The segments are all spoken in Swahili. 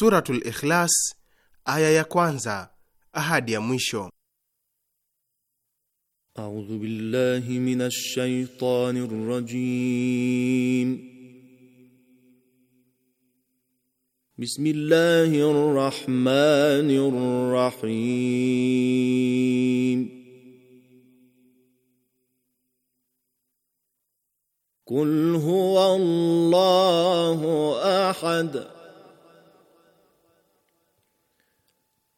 Suratul Ikhlas aya ya kwanza ahadi ya mwisho. A'udhu billahi minash shaitanir rajim. Bismillahir rahmanir rahim.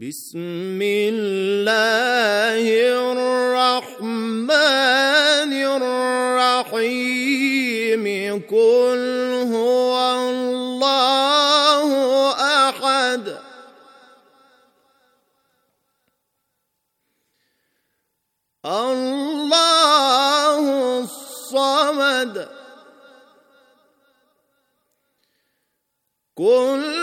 بسم الله الرحمن الرحيم قل هو الله احد الله الصمد قل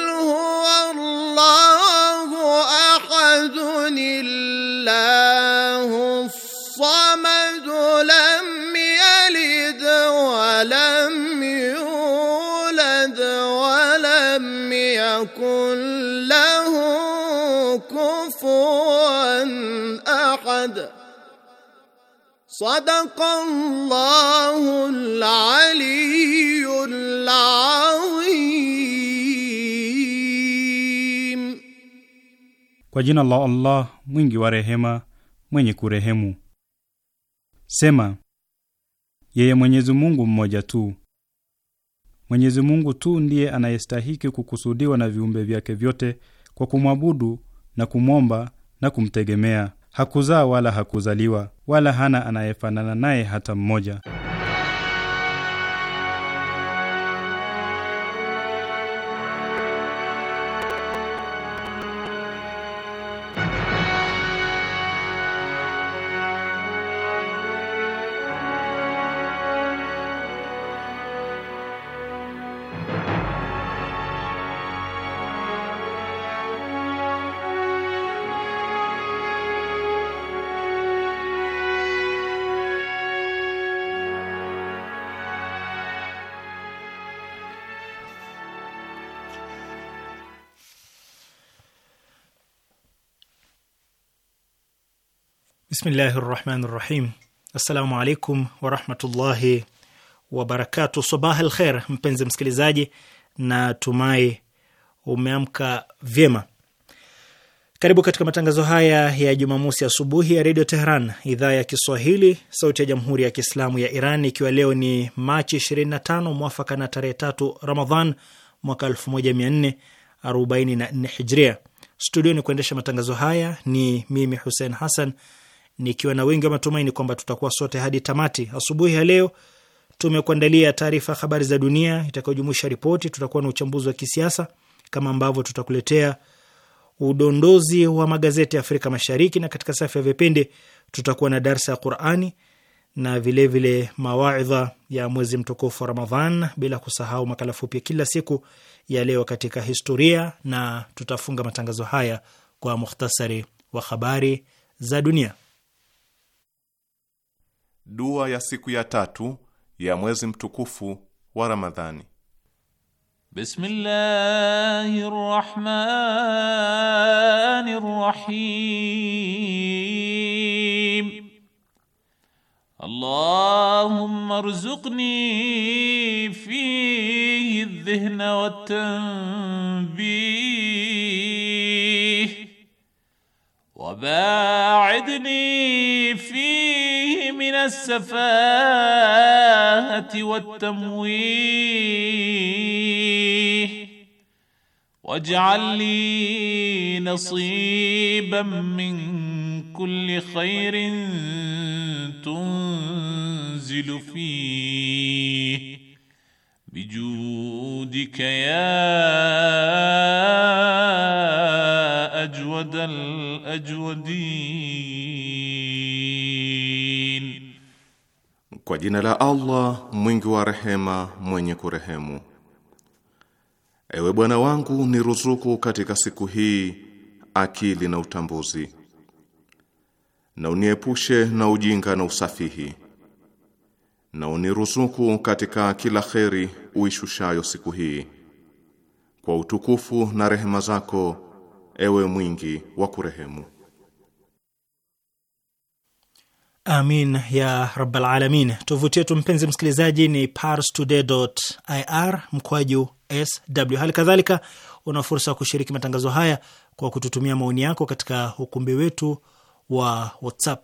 Sadaqallahul aliyyul azim. Kwa jina la Allah mwingi wa rehema mwenye kurehemu. Sema, yeye Mwenyezi Mungu mmoja tu. Mwenyezi Mungu tu ndiye anayestahiki kukusudiwa na viumbe vyake vyote kwa kumwabudu na kumwomba na kumtegemea. Hakuzaa wala hakuzaliwa wala hana anayefanana naye hata mmoja. Bismillahi rahmani rahim. Assalamu alaikum warahmatullahi wabarakatu. Sabah al kher, mpenzi msikilizaji, na tumai umeamka vyema. Karibu katika matangazo haya ya Jumamosi asubuhi ya redio Tehran, idhaa ya Kiswahili, sauti ya jamhuri ya kiislamu ya Iran, ikiwa leo ni Machi 25 mwafaka na tarehe tatu Ramadhan mwaka 1444 Hijria. Studioni kuendesha matangazo haya ni mimi Hussein Hassan nikiwa na wingi wa matumaini kwamba tutakuwa sote hadi tamati. Asubuhi ya leo tumekuandalia taarifa habari za dunia itakayojumuisha ripoti, tutakuwa na uchambuzi wa kisiasa kama ambavyo tutakuletea udondozi wa magazeti ya Afrika Mashariki, na katika safu ya vipindi tutakuwa na darsa ya Qurani na vilevile mawaidha ya mwezi mtukufu wa Ramadhan, bila kusahau makala fupi ya kila siku ya leo katika historia, na tutafunga matangazo haya kwa mukhtasari wa habari za dunia. Dua ya siku ya tatu ya mwezi mtukufu wa Ramadhani. Bismillahir Rahmanir Rahim. Allahumma rzuqni fihi dhihna wa tanbih wa ba'idni fihi السفاهه والتمويه واجعل لي نصيبا من كل خير تنزل فيه بجودك يا اجود الاجودين Kwa jina la Allah mwingi wa rehema mwenye kurehemu. Ewe Bwana wangu, niruzuku katika siku hii akili na utambuzi, na uniepushe na ujinga na usafihi, na uniruzuku katika kila kheri uishushayo siku hii, kwa utukufu na rehema zako, ewe mwingi wa kurehemu. Amin ya rabbal alamin. Tovuti yetu mpenzi msikilizaji ni parstoday.ir mkwaju sw. Hali kadhalika una fursa ya kushiriki matangazo haya kwa kututumia maoni yako katika ukumbi wetu wa WhatsApp.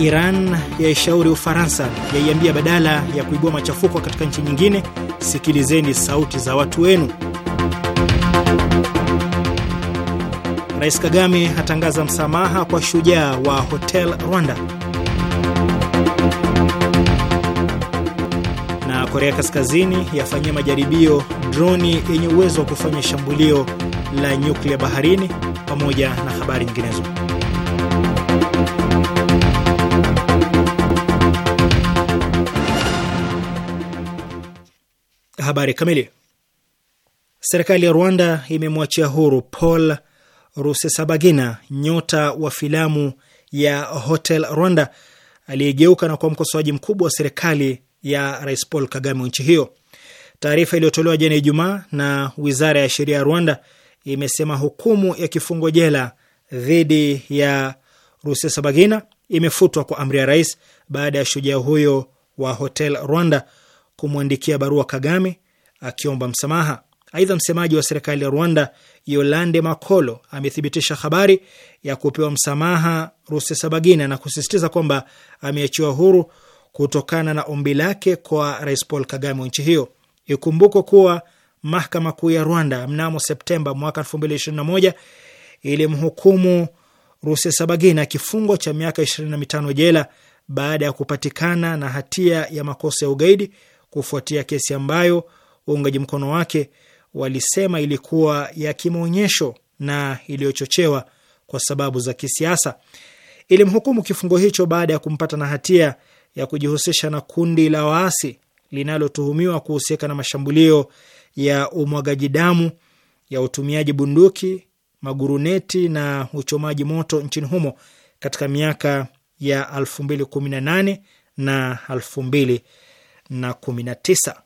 Iran yaishauri Ufaransa, yaiambia badala ya kuibua machafuko katika nchi nyingine, sikilizeni sauti za watu wenu. Rais Kagame atangaza msamaha kwa shujaa wa Hotel Rwanda. Na Korea Kaskazini yafanyia majaribio droni yenye uwezo wa kufanya shambulio la nyuklia baharini, pamoja na habari nyinginezo. Habari kamili. Serikali ya Rwanda imemwachia huru Paul Rusesabagina, nyota wa filamu ya Hotel Rwanda aliyegeuka na kuwa mkosoaji mkubwa wa serikali ya Rais Paul Kagame wa nchi hiyo. Taarifa iliyotolewa jana Ijumaa na Wizara ya Sheria ya Rwanda imesema hukumu ya kifungo jela dhidi ya Rusesabagina imefutwa kwa amri ya rais baada ya shujaa huyo wa Hotel Rwanda kumwandikia barua Kagame akiomba msamaha. Aidha, msemaji wa serikali ya Rwanda Yolande Makolo amethibitisha habari ya kupewa msamaha Rusesabagina na kusisitiza kwamba ameachiwa huru kutokana na ombi lake kwa Rais Paul Kagame wa nchi hiyo. Ikumbukwe kuwa mahakama kuu ya Rwanda mnamo Septemba mwaka 2021 ilimhukumu Rusesabagina kifungo cha miaka 25 jela baada ya kupatikana na hatia ya makosa ya ugaidi kufuatia kesi ambayo waungaji mkono wake walisema ilikuwa ya kimaonyesho na iliyochochewa kwa sababu za kisiasa. Ilimhukumu kifungo hicho baada ya kumpata na hatia ya kujihusisha na kundi la waasi linalotuhumiwa kuhusika na mashambulio ya umwagaji damu ya utumiaji bunduki, maguruneti na uchomaji moto nchini humo katika miaka ya 2018 na na kumi na tisa.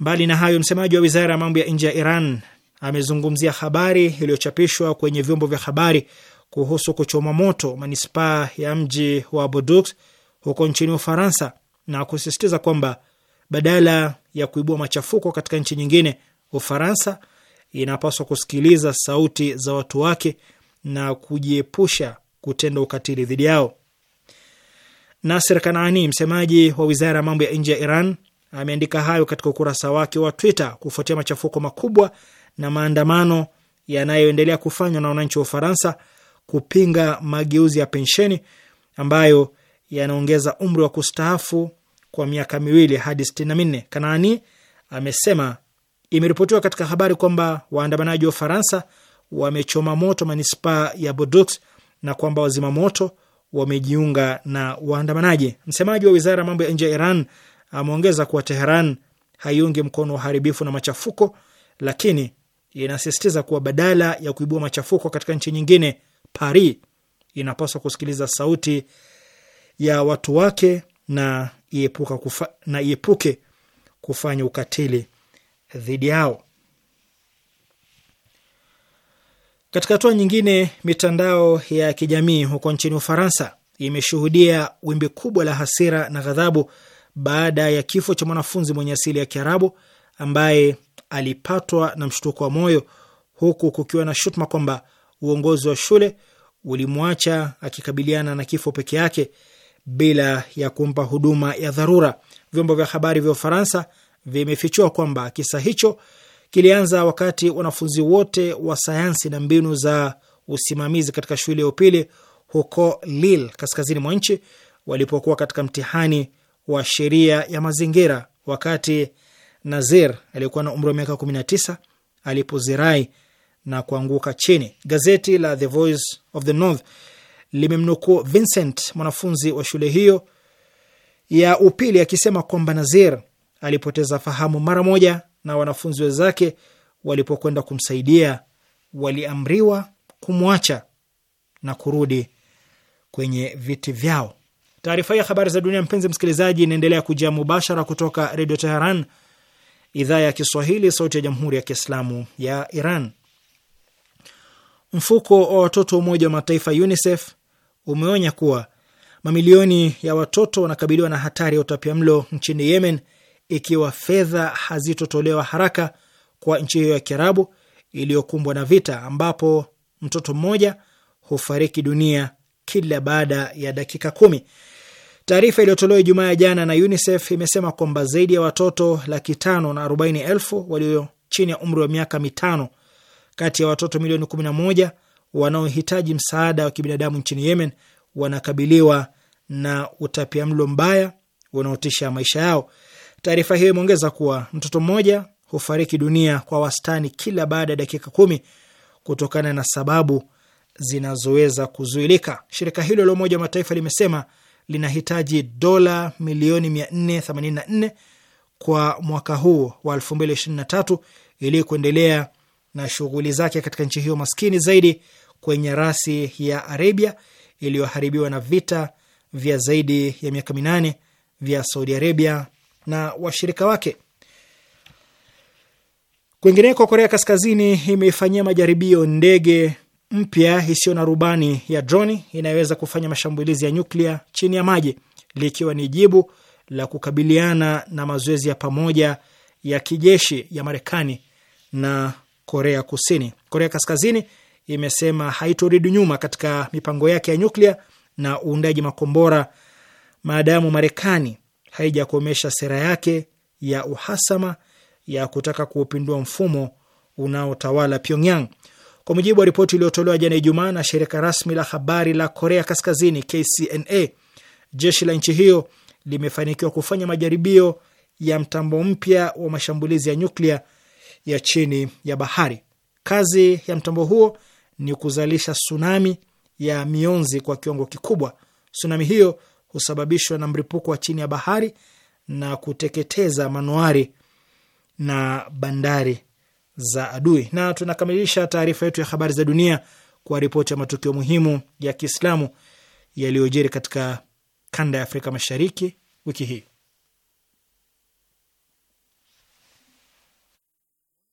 Mbali na hayo, msemaji wa wizara ya mambo ya nje ya Iran amezungumzia habari iliyochapishwa kwenye vyombo vya habari kuhusu kuchoma moto manispaa ya mji wa Bordeaux huko nchini Ufaransa na kusisitiza kwamba badala ya kuibua machafuko katika nchi nyingine, Ufaransa inapaswa kusikiliza sauti za watu wake na kujiepusha kutenda ukatili dhidi yao. Nasir Kanaani, msemaji wa wizara ya mambo ya nje ya Iran, ameandika hayo katika ukurasa wake wa Twitter kufuatia machafuko makubwa na maandamano yanayoendelea kufanywa na wananchi wa Ufaransa kupinga mageuzi ya pensheni ambayo yanaongeza umri wa kustaafu kwa miaka miwili hadi sitini na minne. Kanaani amesema imeripotiwa katika habari kwamba waandamanaji wa Ufaransa wamechoma moto manispaa ya Bordeaux na kwamba wazima moto wamejiunga na waandamanaji. Msemaji wa wizara ya mambo ya nje ya Iran ameongeza kuwa Teheran haiungi mkono uharibifu na machafuko, lakini inasisitiza kuwa badala ya kuibua machafuko katika nchi nyingine, Paris inapaswa kusikiliza sauti ya watu wake na iepuke kufa, na iepuke kufanya ukatili dhidi yao. Katika hatua nyingine, mitandao ya kijamii huko nchini Ufaransa imeshuhudia wimbi kubwa la hasira na ghadhabu baada ya kifo cha mwanafunzi mwenye asili ya Kiarabu ambaye alipatwa na mshtuko wa moyo huku kukiwa na shutuma kwamba uongozi wa shule ulimwacha akikabiliana na kifo peke yake bila ya kumpa huduma ya dharura. Vyombo vya habari vya Ufaransa vimefichua kwamba kisa hicho kilianza wakati wanafunzi wote wa sayansi na mbinu za usimamizi katika shule ya upili huko Lille kaskazini mwa nchi walipokuwa katika mtihani wa sheria ya mazingira, wakati Nazir aliyekuwa na umri wa miaka 19 alipozirai na kuanguka chini. Gazeti la The Voice of the North limemnukuu Vincent, mwanafunzi wa shule hiyo ya upili, akisema kwamba Nazir alipoteza fahamu mara moja na wanafunzi wenzake walipokwenda kumsaidia waliamriwa kumwacha na kurudi kwenye viti vyao. Taarifa hii ya habari za dunia, mpenzi msikilizaji, inaendelea kujia mubashara kutoka Redio Teheran, idhaa ya Kiswahili, sauti ya Jamhuri ya Kiislamu ya Iran. Mfuko wa watoto wa Umoja wa Mataifa UNICEF umeonya kuwa mamilioni ya watoto wanakabiliwa na hatari ya utapia mlo nchini Yemen ikiwa fedha hazitotolewa haraka kwa nchi hiyo ya Kiarabu iliyokumbwa na vita, ambapo mtoto mmoja hufariki dunia kila baada ya dakika kumi. Taarifa iliyotolewa Ijumaa ya jana na UNICEF imesema kwamba zaidi ya watoto laki tano na arobaini elfu walio chini ya umri wa miaka mitano kati ya watoto milioni kumi na moja wanaohitaji msaada wa kibinadamu nchini Yemen wanakabiliwa na utapia mlo mbaya unaotisha maisha yao. Taarifa hiyo imeongeza kuwa mtoto mmoja hufariki dunia kwa wastani kila baada ya dakika kumi kutokana na sababu zinazoweza kuzuilika. Shirika hilo la Umoja wa Mataifa limesema linahitaji dola milioni 484 kwa mwaka huu wa 2023 ili kuendelea na shughuli zake katika nchi hiyo maskini zaidi kwenye rasi ya Arabia iliyoharibiwa na vita vya zaidi ya miaka minane vya Saudi Arabia na washirika wake. Kwingineko, Korea Kaskazini imeifanyia majaribio ndege mpya isiyo na rubani ya droni inayoweza kufanya mashambulizi ya nyuklia chini ya maji, likiwa ni jibu la kukabiliana na mazoezi ya pamoja ya kijeshi ya Marekani na Korea Kusini. Korea Kaskazini imesema haitorudi nyuma katika mipango yake ya nyuklia na uundaji makombora maadamu Marekani haijakomesha sera yake ya uhasama ya kutaka kuupindua mfumo unaotawala Pyongyang. Kwa mujibu wa ripoti iliyotolewa jana Ijumaa na shirika rasmi la habari la Korea Kaskazini KCNA, jeshi la nchi hiyo limefanikiwa kufanya majaribio ya mtambo mpya wa mashambulizi ya nyuklia ya chini ya bahari. Kazi ya mtambo huo ni kuzalisha tsunami ya mionzi kwa kiwango kikubwa. Tsunami hiyo kusababishwa na mripuko wa chini ya bahari na kuteketeza manuari na bandari za adui. Na tunakamilisha taarifa yetu ya habari za dunia kwa ripoti ya matukio muhimu ya Kiislamu yaliyojiri katika kanda ya Afrika Mashariki wiki hii.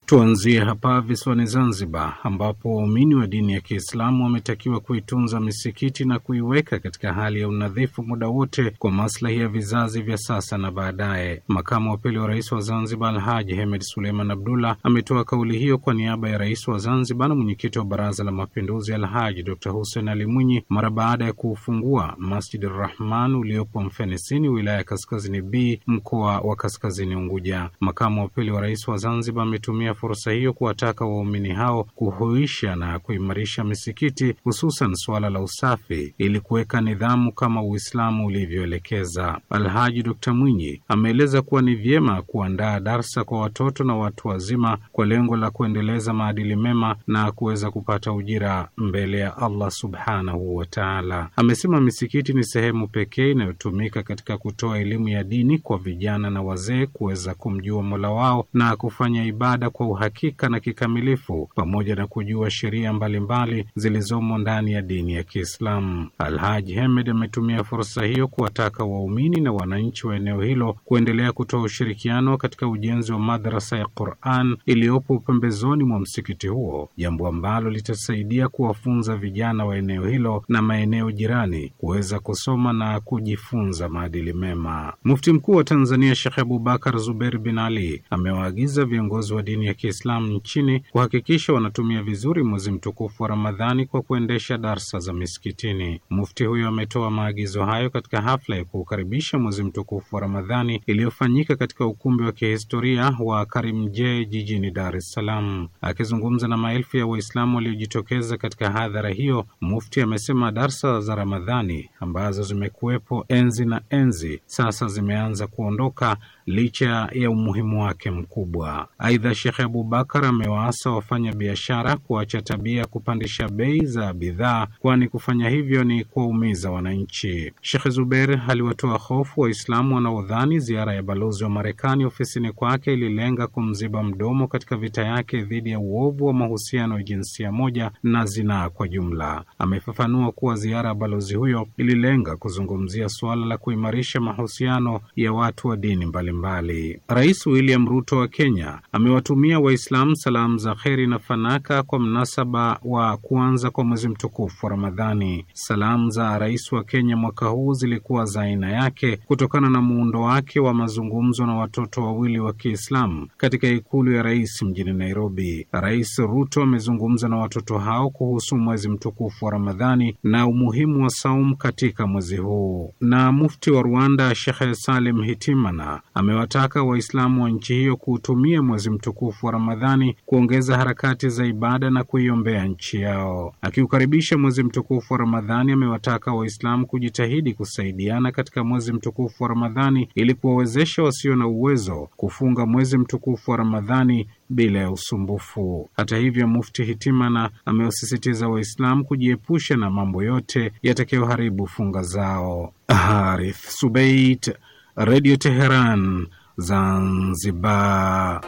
Tuanzie hapa visiwani Zanzibar, ambapo waumini wa dini ya Kiislamu wametakiwa kuitunza misikiti na kuiweka katika hali ya unadhifu muda wote kwa maslahi ya vizazi vya sasa na baadaye. Makamu wa pili wa rais wa Zanzibar Alhaji Hemed Suleiman Abdullah ametoa kauli hiyo kwa niaba ya rais wa Zanzibar na mwenyekiti wa Baraza la Mapinduzi Alhaji Dr Hussein Ali Mwinyi mara baada ya kuufungua Masjid Rahman uliopo Mfenesini, wilaya ya Kaskazini B, mkoa wa Kaskazini Unguja. Makamu wa pili wa rais wa Zanzibar ametumia fursa hiyo kuwataka waumini hao kuhuisha na kuimarisha misikiti, hususan suala la usafi ili kuweka nidhamu kama Uislamu ulivyoelekeza. Alhaji d Mwinyi ameeleza kuwa ni vyema kuandaa darsa kwa watoto na watu wazima kwa lengo la kuendeleza maadili mema na kuweza kupata ujira mbele ya Allah subhanahu wataala Amesema misikiti ni sehemu pekee inayotumika katika kutoa elimu ya dini kwa vijana na wazee kuweza kumjua mola wao na kufanya ibada kwa uhakika na kikamilifu, pamoja na kujua sheria mbalimbali zilizomo ndani ya dini ya Kiislamu. Alhaji Hemed ametumia fursa hiyo kuwataka waumini na wananchi wa eneo hilo kuendelea kutoa ushirikiano katika ujenzi wa madrasa ya Quran iliyopo pembezoni mwa msikiti huo, jambo ambalo litasaidia kuwafunza vijana wa eneo hilo na maeneo jirani kuweza kusoma na kujifunza maadili mema. Mufti mkuu wa Tanzania Shekh Abubakar Zuberi bin Ali amewaagiza viongozi wa dini ya Kiislamu nchini kuhakikisha wanatumia vizuri mwezi mtukufu wa Ramadhani kwa kuendesha darsa za misikitini. Mufti huyo ametoa maagizo hayo katika hafla ya kuukaribisha mwezi mtukufu wa Ramadhani iliyofanyika katika ukumbi wa kihistoria wa Karimjee jijini Dar es Salaam. Akizungumza na maelfu ya Waislamu waliojitokeza katika hadhara hiyo, mufti amesema darsa za Ramadhani ambazo zimekuwepo enzi na enzi sasa zimeanza kuondoka licha ya umuhimu wake mkubwa. Aidha, Shekhe Abubakar amewaasa wafanya biashara kuacha tabia ya kupandisha bei za bidhaa, kwani kufanya hivyo ni kuwaumiza wananchi. Shekhe Zuber aliwatoa hofu Waislamu wanaodhani ziara ya balozi wa Marekani ofisini kwake ililenga kumziba mdomo katika vita yake dhidi ya uovu wa mahusiano ya jinsia moja na zinaa kwa jumla. Amefafanua kuwa ziara ya balozi huyo ililenga kuzungumzia suala la kuimarisha mahusiano ya watu wa dini mbalimbali mbalimbali. Rais William Ruto wa Kenya amewatumia Waislamu salamu za kheri na fanaka kwa mnasaba wa kuanza kwa mwezi mtukufu wa Ramadhani. Salamu za rais wa Kenya mwaka huu zilikuwa za aina yake kutokana na muundo wake wa mazungumzo na watoto wawili wa Kiislamu katika ikulu ya rais mjini Nairobi. Rais Ruto amezungumza na watoto hao kuhusu mwezi mtukufu wa Ramadhani na umuhimu wa saum katika mwezi huu. Na mufti wa Rwanda Shekhe Salim Hitimana amewataka Waislamu wa nchi hiyo kuutumia mwezi mtukufu wa Ramadhani kuongeza harakati za ibada na kuiombea nchi yao. Akiukaribisha mwezi mtukufu wa Ramadhani, amewataka Waislamu kujitahidi kusaidiana katika mwezi mtukufu wa Ramadhani ili kuwawezesha wasio na uwezo kufunga mwezi mtukufu wa Ramadhani bila ya usumbufu. Hata hivyo, Mufti Hitimana amewasisitiza Waislamu kujiepusha na mambo yote yatakayoharibu funga zao. Harith Subait, Redio Teheran Zanzibar.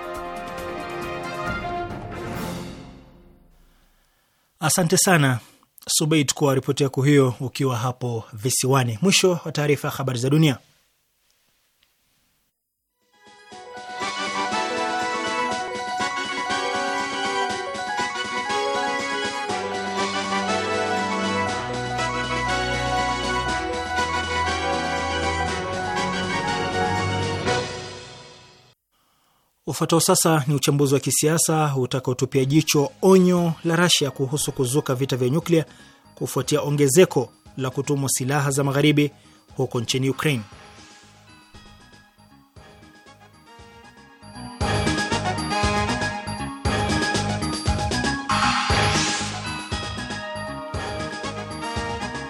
Asante sana Subait kwa ripoti yako hiyo ukiwa hapo visiwani. Mwisho wa taarifa ya habari za dunia. Ufuatao sasa ni uchambuzi wa kisiasa utakaotupia jicho onyo la Rasia kuhusu kuzuka vita vya nyuklia kufuatia ongezeko la kutumwa silaha za magharibi huko nchini Ukraine.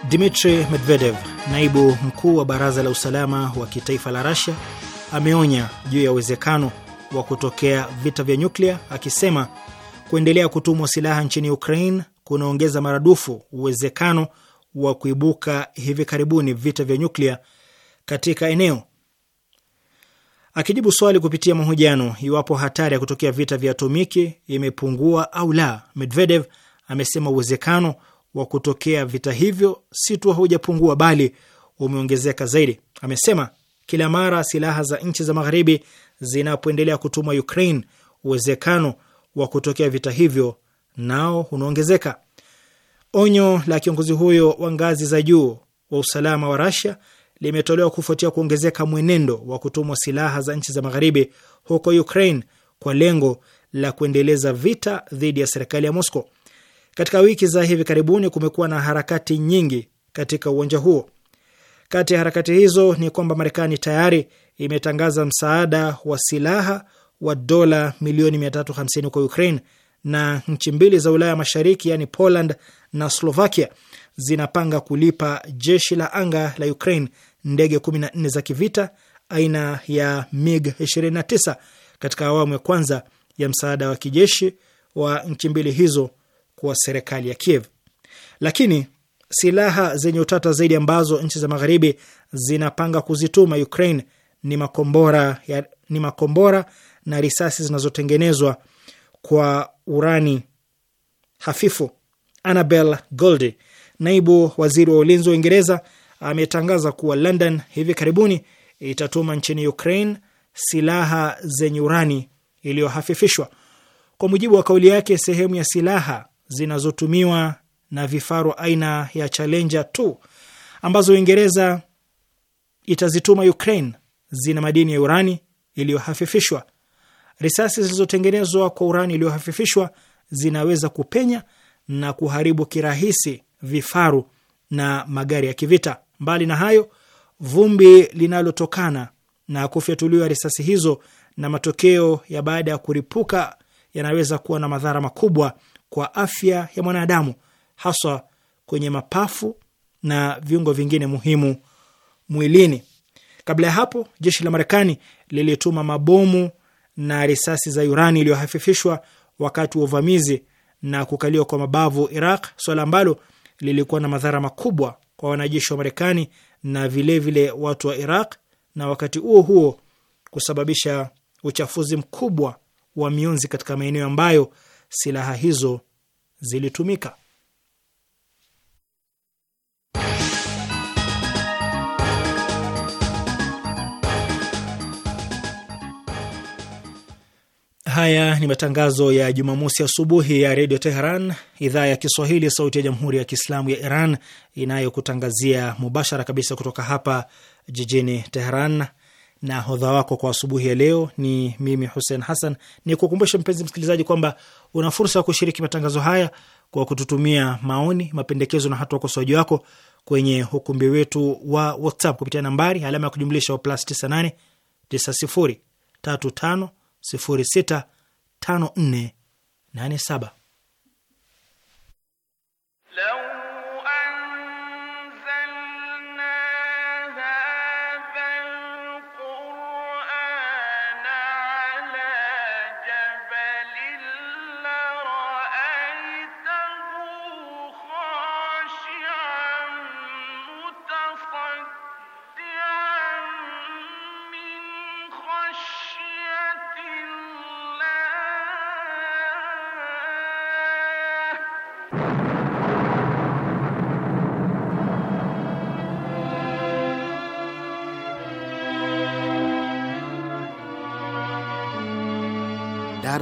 Dmitri Medvedev, naibu mkuu wa baraza la usalama wa kitaifa la Rasia, ameonya juu ya uwezekano wa kutokea vita vya nyuklia akisema kuendelea kutumwa silaha nchini Ukraine kunaongeza maradufu uwezekano wa kuibuka hivi karibuni vita vya nyuklia katika eneo. Akijibu swali kupitia mahojiano iwapo hatari ya kutokea vita vya atomiki imepungua au la, Medvedev amesema uwezekano wa kutokea vita hivyo si tu haujapungua bali umeongezeka zaidi. Amesema kila mara silaha za nchi za magharibi zinapoendelea kutumwa Ukraine, uwezekano wa kutokea vita hivyo nao unaongezeka. Onyo la kiongozi huyo wa ngazi za juu wa usalama wa Russia limetolewa kufuatia kuongezeka mwenendo wa kutumwa silaha za nchi za magharibi huko Ukraine kwa lengo la kuendeleza vita dhidi ya serikali ya Moscow. Katika wiki za hivi karibuni kumekuwa na harakati nyingi katika uwanja huo. Kati ya harakati hizo ni kwamba Marekani tayari imetangaza msaada wa silaha wa dola milioni 350 kwa Ukraine na nchi mbili za Ulaya Mashariki, yaani Poland na Slovakia zinapanga kulipa jeshi la anga la Ukraine ndege 14 za kivita aina ya MiG 29 katika awamu ya kwanza ya msaada wa kijeshi wa nchi mbili hizo kwa serikali ya Kiev. Lakini silaha zenye utata zaidi ambazo nchi za magharibi zinapanga kuzituma Ukraine ni makombora, ya, ni makombora na risasi zinazotengenezwa kwa urani hafifu. Annabel Goldie, naibu waziri wa ulinzi wa Uingereza, ametangaza kuwa London hivi karibuni itatuma nchini Ukraine silaha zenye urani iliyohafifishwa. Kwa mujibu wa kauli yake, sehemu ya silaha zinazotumiwa na vifaru aina ya Challenger 2 ambazo Uingereza itazituma Ukraine zina madini ya urani iliyohafifishwa. Risasi zilizotengenezwa kwa urani iliyohafifishwa zinaweza kupenya na kuharibu kirahisi vifaru na magari ya kivita. Mbali na hayo, vumbi linalotokana na kufyatuliwa risasi hizo na matokeo ya baada ya kuripuka yanaweza kuwa na madhara makubwa kwa afya ya mwanadamu, haswa kwenye mapafu na viungo vingine muhimu mwilini. Kabla ya hapo, jeshi la Marekani lilituma mabomu na risasi za urani iliyohafifishwa wakati wa uvamizi na kukaliwa kwa mabavu Iraq, swala ambalo lilikuwa na madhara makubwa kwa wanajeshi wa Marekani na vilevile vile watu wa Iraq, na wakati huo huo kusababisha uchafuzi mkubwa wa mionzi katika maeneo ambayo silaha hizo zilitumika. haya ni matangazo ya Jumamosi asubuhi ya redio Teheran, idhaa ya Kiswahili, sauti ya jamhuri ya kiislamu ya Iran, inayokutangazia mubashara kabisa kutoka hapa jijini Teheran. Na hodha wako kwa asubuhi ya leo ni mimi Hussein Hassan. Ni kukumbusha mpenzi msikilizaji kwamba una fursa ya kushiriki matangazo haya kwa kututumia maoni, mapendekezo na hata ukosoaji wako kwenye ukumbi wetu wa WhatsApp kupitia nambari alama ya kujumlisha plus 98 90 35 065487.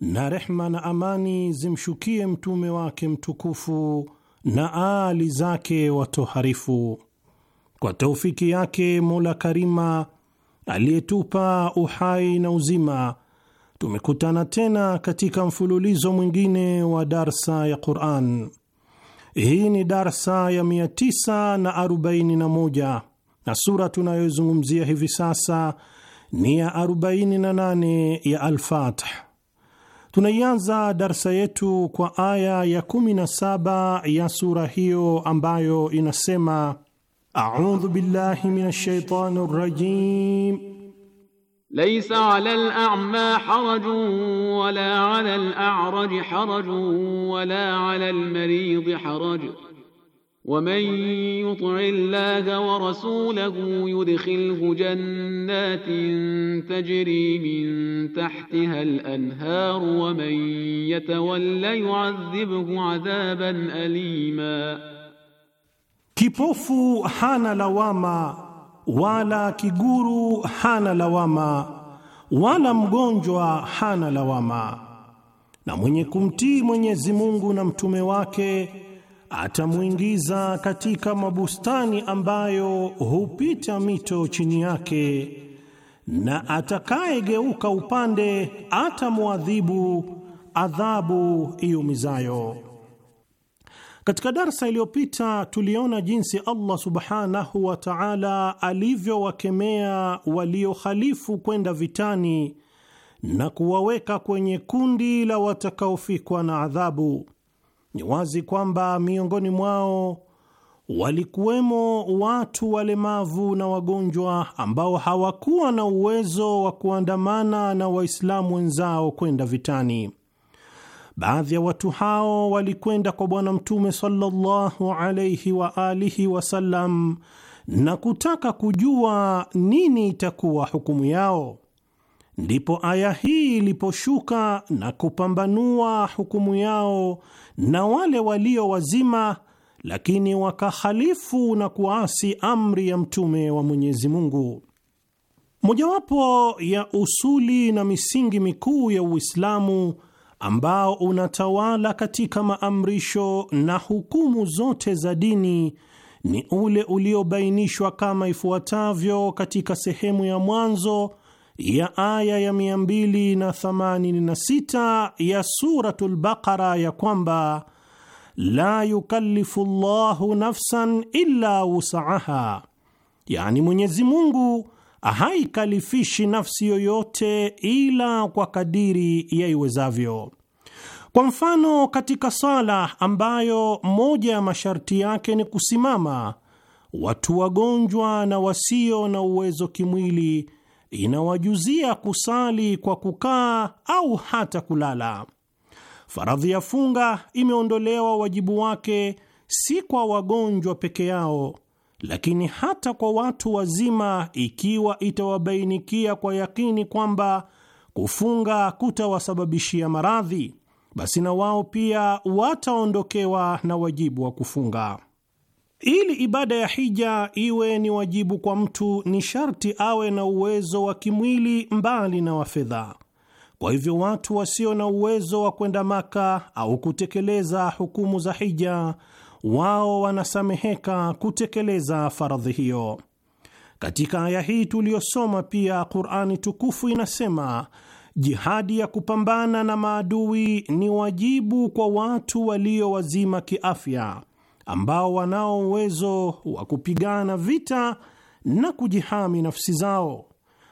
na rehma na amani zimshukie mtume wake mtukufu na aali zake watoharifu. Kwa taufiki yake Mola Karima aliyetupa uhai na uzima, tumekutana tena katika mfululizo mwingine wa darsa ya Quran. Hii ni darsa ya 941 na, na sura tunayozungumzia hivi sasa ni ya 48 ya Alfath. Tunaianza darsa yetu kwa aya ya 17 ya sura hiyo ambayo inasema: audhu billahi minash shaitani rajim laysa alal a'ma harajun wala alal a'raj harajun wala alal marid harajun ومن يطع الله ورسوله يدخله جنات تجري من تحتها الأنهار ومن يتولى يعذبه عذابا alima Kipofu hana lawama wala kiguru hana lawama wala mgonjwa hana lawama na mwenye kumtii Mwenyezi Mungu na mtume wake atamwingiza katika mabustani ambayo hupita mito chini yake, na atakayegeuka upande atamwadhibu adhabu iumizayo. Katika darsa iliyopita tuliona jinsi Allah subhanahu wa ta'ala alivyowakemea waliohalifu kwenda vitani na kuwaweka kwenye kundi la watakaofikwa na adhabu. Ni wazi kwamba miongoni mwao walikuwemo watu walemavu na wagonjwa ambao hawakuwa na uwezo wa kuandamana na Waislamu wenzao kwenda vitani. Baadhi ya watu hao walikwenda kwa Bwana Mtume sallallahu alaihi wa alihi wasallam na kutaka kujua nini itakuwa hukumu yao ndipo aya hii iliposhuka na kupambanua hukumu yao na wale walio wazima, lakini wakahalifu na kuasi amri ya mtume wa Mwenyezi Mungu. Mojawapo ya usuli na misingi mikuu ya Uislamu ambao unatawala katika maamrisho na hukumu zote za dini ni ule uliobainishwa kama ifuatavyo katika sehemu ya mwanzo ya aya ya 286 ya Suratul Baqara ya kwamba la yukallifu llahu nafsan illa wusaaha yani Mwenyezi Mungu haikalifishi nafsi yoyote ila kwa kadiri ya iwezavyo. Kwa mfano, katika sala ambayo moja ya masharti yake ni kusimama, watu wagonjwa na wasio na uwezo kimwili inawajuzia kusali kwa kukaa au hata kulala. Faradhi ya funga imeondolewa wajibu wake si kwa wagonjwa peke yao, lakini hata kwa watu wazima, ikiwa itawabainikia kwa yakini kwamba kufunga kutawasababishia maradhi, basi na wao pia wataondokewa na wajibu wa kufunga. Ili ibada ya hija iwe ni wajibu kwa mtu, ni sharti awe na uwezo wa kimwili mbali na wa fedha. Kwa hivyo watu wasio na uwezo wa kwenda Maka au kutekeleza hukumu za hija, wao wanasameheka kutekeleza faradhi hiyo. Katika aya hii tuliyosoma, pia Qur'ani tukufu inasema jihadi ya kupambana na maadui ni wajibu kwa watu walio wazima kiafya ambao wanao uwezo wa kupigana vita na kujihami nafsi zao,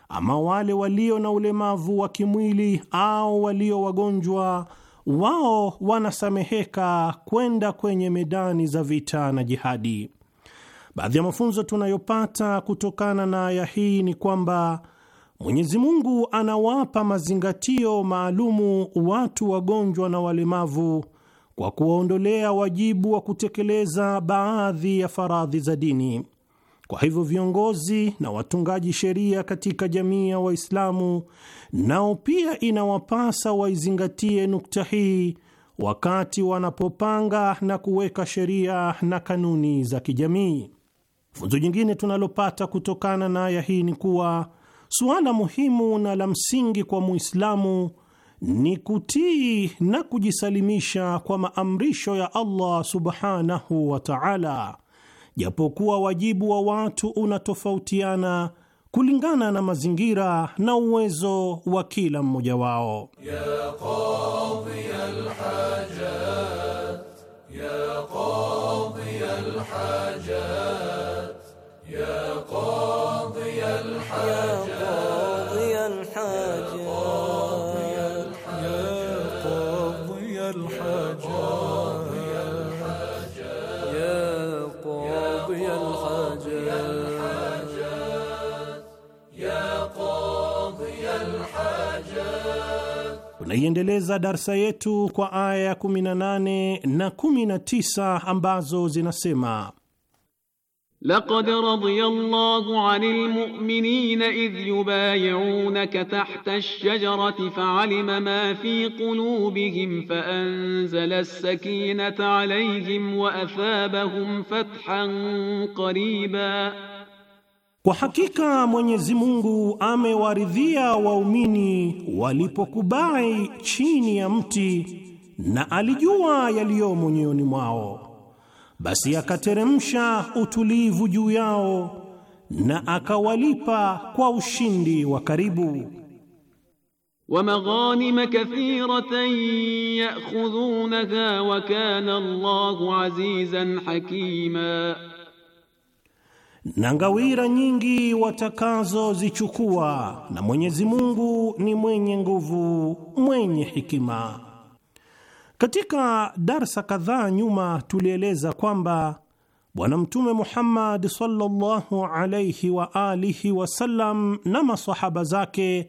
ama wale walio na ulemavu wa kimwili au walio wagonjwa, wao wanasameheka kwenda kwenye medani za vita na jihadi. Baadhi ya mafunzo tunayopata kutokana na aya hii ni kwamba Mwenyezi Mungu anawapa mazingatio maalumu watu wagonjwa na walemavu kwa kuwaondolea wajibu wa kutekeleza baadhi ya faradhi za dini. Kwa hivyo viongozi na watungaji sheria katika jamii ya Waislamu nao pia inawapasa waizingatie nukta hii wakati wanapopanga na kuweka sheria na kanuni za kijamii. Funzo jingine tunalopata kutokana na aya hii ni kuwa suala muhimu na la msingi kwa Muislamu ni kutii na kujisalimisha kwa maamrisho ya Allah subhanahu wa ta'ala, japokuwa wajibu wa watu unatofautiana kulingana na mazingira na uwezo wa kila mmoja wao ya Tunaiendeleza darsa yetu kwa aya ya 18 na 19 ambazo zinasema: Laqad radiyallahu 'anil mu'minina idh yubay'unaka tahta ash-shajarati fa'alima ma fi qulubihim fa'anzala as-sakinata 'alayhim wa athabahum fathan qariba kwa hakika Mwenyezi Mungu amewaridhia waumini walipokubai chini ya mti na alijua yaliyomo nyoyoni mwao, basi akateremsha utulivu juu yao na akawalipa kwa ushindi wa karibu. wa maghanim kathiratan ya'khudhunaha wa kana Allahu azizan hakima na ngawira nyingi watakazozichukua, na Mwenyezi Mungu ni mwenye nguvu, mwenye hikima. Katika darsa kadhaa nyuma tulieleza kwamba Bwana Mtume Muhammad sallallahu alayhi wa alihi wasallam na masahaba zake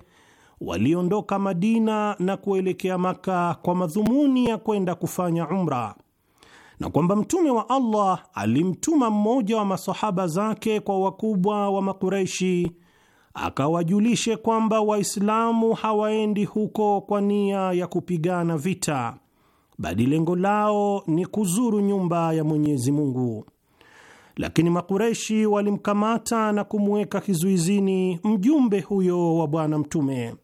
waliondoka Madina na kuelekea Maka kwa madhumuni ya kwenda kufanya umra na kwamba mtume wa Allah alimtuma mmoja wa masahaba zake kwa wakubwa wa Makureishi akawajulishe kwamba Waislamu hawaendi huko kwa nia ya kupigana vita, bali lengo lao ni kuzuru nyumba ya Mwenyezi Mungu. Lakini Makureishi walimkamata na kumweka kizuizini mjumbe huyo wa Bwana Mtume.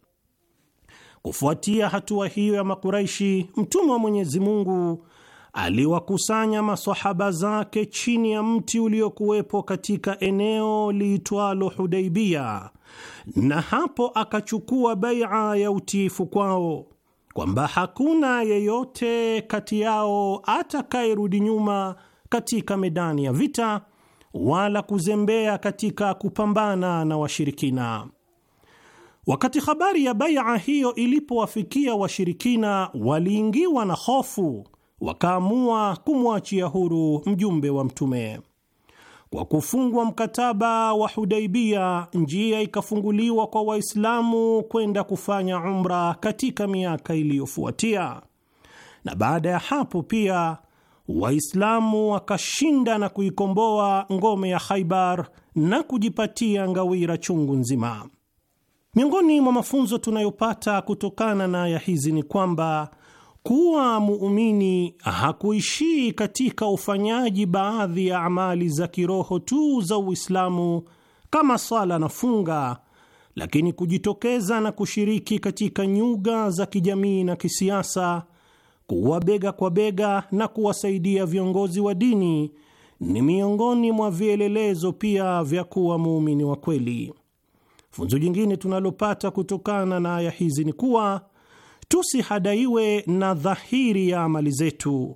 Kufuatia hatua hiyo ya Makureishi, mtume wa Mwenyezi Mungu aliwakusanya masahaba zake chini ya mti uliokuwepo katika eneo liitwalo Hudaibia, na hapo akachukua baia ya utiifu kwao kwamba hakuna yeyote kati yao atakayerudi nyuma katika medani ya vita wala kuzembea katika kupambana na washirikina. Wakati habari ya baia hiyo ilipowafikia washirikina, waliingiwa na hofu wakaamua kumwachia huru mjumbe wa Mtume. Kwa kufungwa mkataba wa Hudaibia, njia ikafunguliwa kwa Waislamu kwenda kufanya umra katika miaka iliyofuatia, na baada ya hapo pia Waislamu wakashinda na kuikomboa ngome ya Khaibar na kujipatia ngawira chungu nzima. Miongoni mwa mafunzo tunayopata kutokana na aya hizi ni kwamba kuwa muumini hakuishii katika ufanyaji baadhi ya amali za kiroho tu za Uislamu kama sala na funga, lakini kujitokeza na kushiriki katika nyuga za kijamii na kisiasa, kuwa bega kwa bega na kuwasaidia viongozi wa dini ni miongoni mwa vielelezo pia vya kuwa muumini wa kweli. Funzo jingine tunalopata kutokana na aya hizi ni kuwa tusihadaiwe na dhahiri ya amali zetu.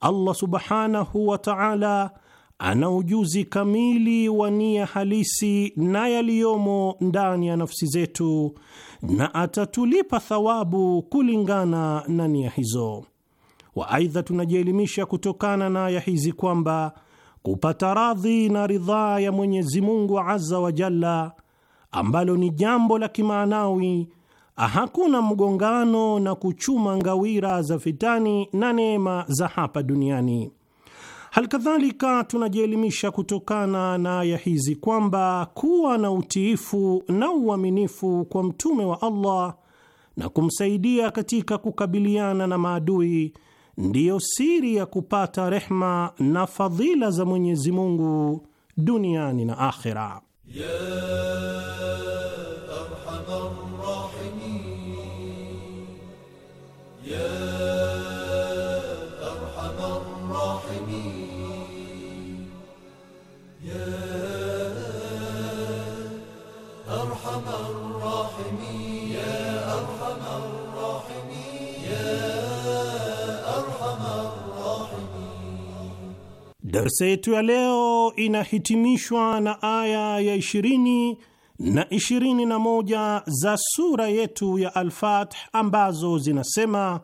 Allah subhanahu wa ta'ala ana ujuzi kamili wa nia halisi na yaliyomo ndani ya nafsi zetu, na atatulipa thawabu kulingana na nia hizo. wa Aidha, tunajielimisha kutokana na aya hizi kwamba kupata radhi na ridhaa ya Mwenyezi Mungu azza wa jalla, ambalo ni jambo la kimaanawi hakuna mgongano na kuchuma ngawira za fitani na neema za hapa duniani. Halikadhalika, tunajielimisha kutokana na aya hizi kwamba kuwa na utiifu na uaminifu kwa mtume wa Allah na kumsaidia katika kukabiliana na maadui ndiyo siri ya kupata rehma na fadhila za Mwenyezi Mungu duniani na akhera. yeah. Darsa yetu ya leo inahitimishwa na aya ya 20 na 21 za sura yetu ya Al-Fath ambazo zinasema: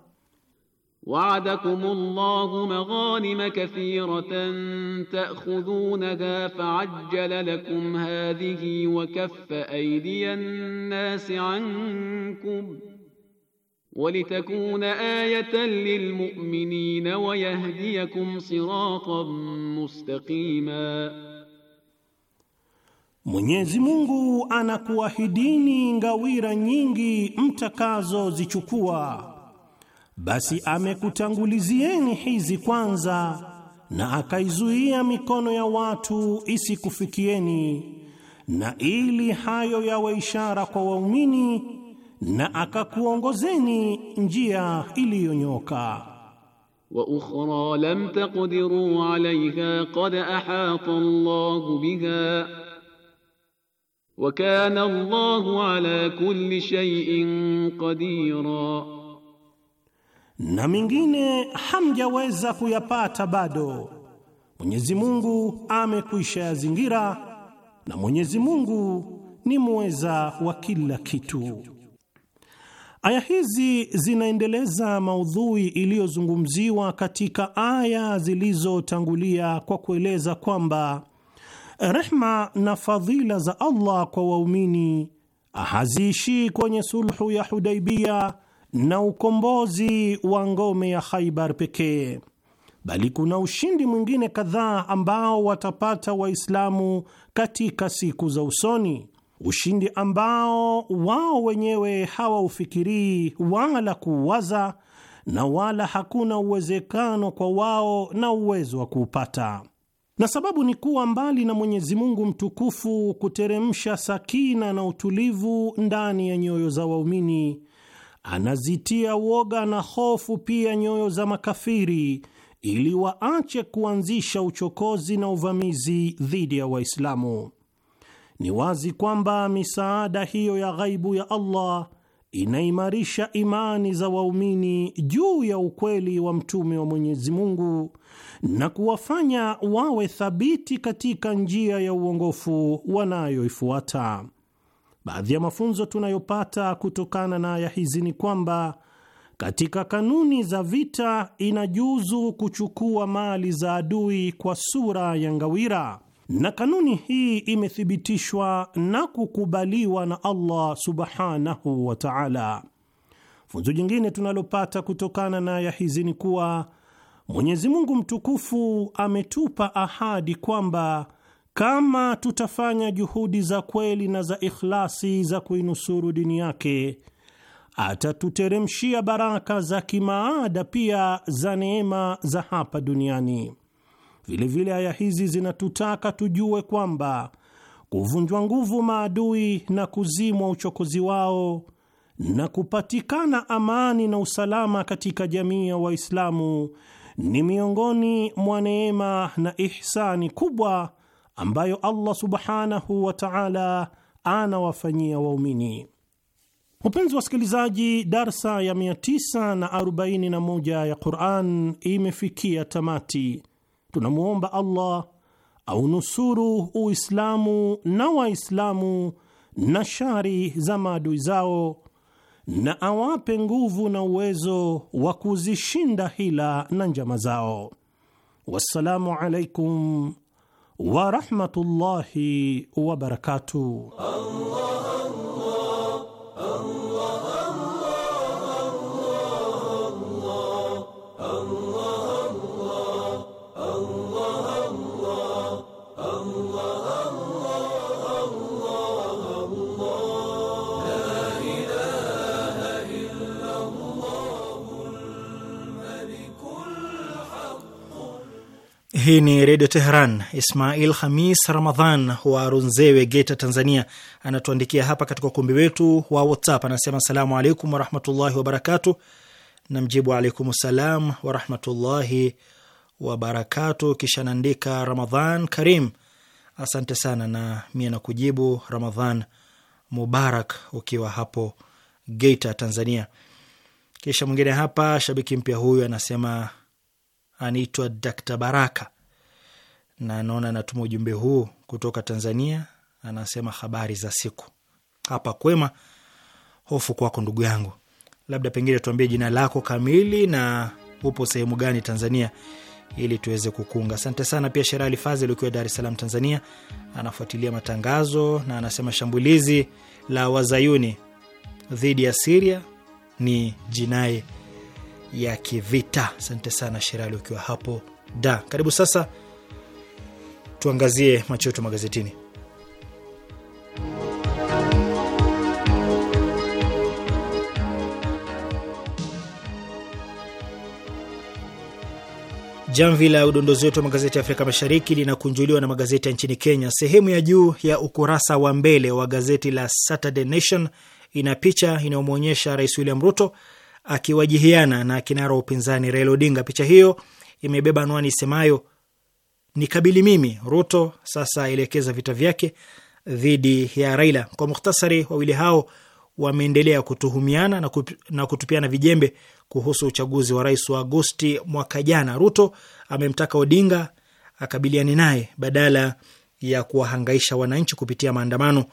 Wa'adakumullahu maghanima kathiratan ta'khudhunaha fa'ajjala lakum hadhihi wa kaffa aydiyan nasi ankum walitakuna ayatan lilmu'minina wa siratan mustaqima, Mwenyezi Mungu anakuahidini ngawira nyingi mtakazozichukua, basi amekutangulizieni hizi kwanza na akaizuia mikono ya watu isikufikieni, na ili hayo yawe ishara kwa waumini na akakuongozeni njia iliyonyoka. wa ukhra lam taqdiru alayha qad ahata Allahu biha wa kana Allahu ala kulli shay'in qadira, na mingine hamjaweza kuyapata bado, Mwenyezi Mungu amekwisha yazingira, na Mwenyezi Mungu ni muweza wa kila kitu. Aya hizi zinaendeleza maudhui iliyozungumziwa katika aya zilizotangulia kwa kueleza kwamba rehma na fadhila za Allah kwa waumini haziishii kwenye sulhu ya Hudaibia na ukombozi wa ngome ya Khaibar pekee, bali kuna ushindi mwingine kadhaa ambao watapata Waislamu katika siku za usoni ushindi ambao wao wenyewe hawaufikirii wala kuuwaza na wala hakuna uwezekano kwa wao na uwezo wa kuupata. Na sababu ni kuwa mbali na Mwenyezi Mungu mtukufu kuteremsha sakina na utulivu ndani ya nyoyo za waumini, anazitia woga na hofu pia nyoyo za makafiri ili waache kuanzisha uchokozi na uvamizi dhidi ya Waislamu. Ni wazi kwamba misaada hiyo ya ghaibu ya Allah inaimarisha imani za waumini juu ya ukweli wa mtume wa Mwenyezi Mungu na kuwafanya wawe thabiti katika njia ya uongofu wanayoifuata. Baadhi ya mafunzo tunayopata kutokana na aya hizi ni kwamba katika kanuni za vita inajuzu kuchukua mali za adui kwa sura ya ngawira na kanuni hii imethibitishwa na kukubaliwa na Allah subhanahu wa ta'ala. Funzo jingine tunalopata kutokana na aya hizi ni kuwa Mwenyezi Mungu mtukufu ametupa ahadi kwamba kama tutafanya juhudi za kweli na za ikhlasi za kuinusuru dini yake, atatuteremshia baraka za kimaada pia za neema za hapa duniani. Vilevile aya hizi zinatutaka tujue kwamba kuvunjwa nguvu maadui na kuzimwa uchokozi wao na kupatikana amani na usalama katika jamii ya Waislamu ni miongoni mwa neema na ihsani kubwa ambayo Allah subhanahu wa ta'ala anawafanyia waumini. Wapenzi wasikilizaji, darsa ya 941 ya Qur'an imefikia tamati tunamwomba Allah aunusuru Uislamu na Waislamu na shari za maadui zao na awape nguvu na uwezo wa kuzishinda hila na njama zao. Wassalamu alaikum wa rahmatullahi wa barakatuh. Allah, Allah, Allah. Hii ni Redio Teheran. Ismail Hamis Ramadhan wa Runzewe, Geita, Tanzania, anatuandikia hapa katika ukumbi wetu wa WhatsApp. Anasema asalamu alaikum warahmatullahi wabarakatu, na mjibu alaikum salam warahmatullahi wabarakatu. Kisha anaandika Ramadhan Karim, asante sana, na mie na kujibu Ramadhan Mubarak ukiwa hapo Geita, Tanzania. Kisha mwingine hapa, shabiki mpya huyu anasema anaitwa Dr Baraka na naona anatuma ujumbe huu kutoka Tanzania. Anasema habari za siku hapa kwema, hofu kwako ndugu yangu. Labda pengine tuambie jina lako kamili na upo sehemu gani Tanzania ili tuweze kukunga. Asante sana. Pia Sherali Fazel ukiwa Dar es Salaam Tanzania anafuatilia matangazo na anasema shambulizi la wazayuni dhidi ya Siria ni jinai ya kivita. Asante sana Sherali ukiwa hapo da. Karibu sasa Tuangazie macho yetu magazetini. Jamvi la udondozi wetu wa magazeti ya Afrika Mashariki linakunjuliwa na magazeti ya nchini Kenya. Sehemu ya juu ya ukurasa wa mbele wa gazeti la Saturday Nation ina picha inayomwonyesha Rais William Ruto akiwajihiana na kinara wa upinzani Raila Odinga. Picha hiyo imebeba anwani isemayo nikabili mimi, Ruto sasa aelekeza vita vyake dhidi ya Raila. Kwa mukhtasari, wawili hao wameendelea kutuhumiana na, kup, na kutupiana vijembe kuhusu uchaguzi wa rais wa Agosti mwaka jana. Ruto amemtaka Odinga akabiliane naye badala ya kuwahangaisha wananchi kupitia maandamano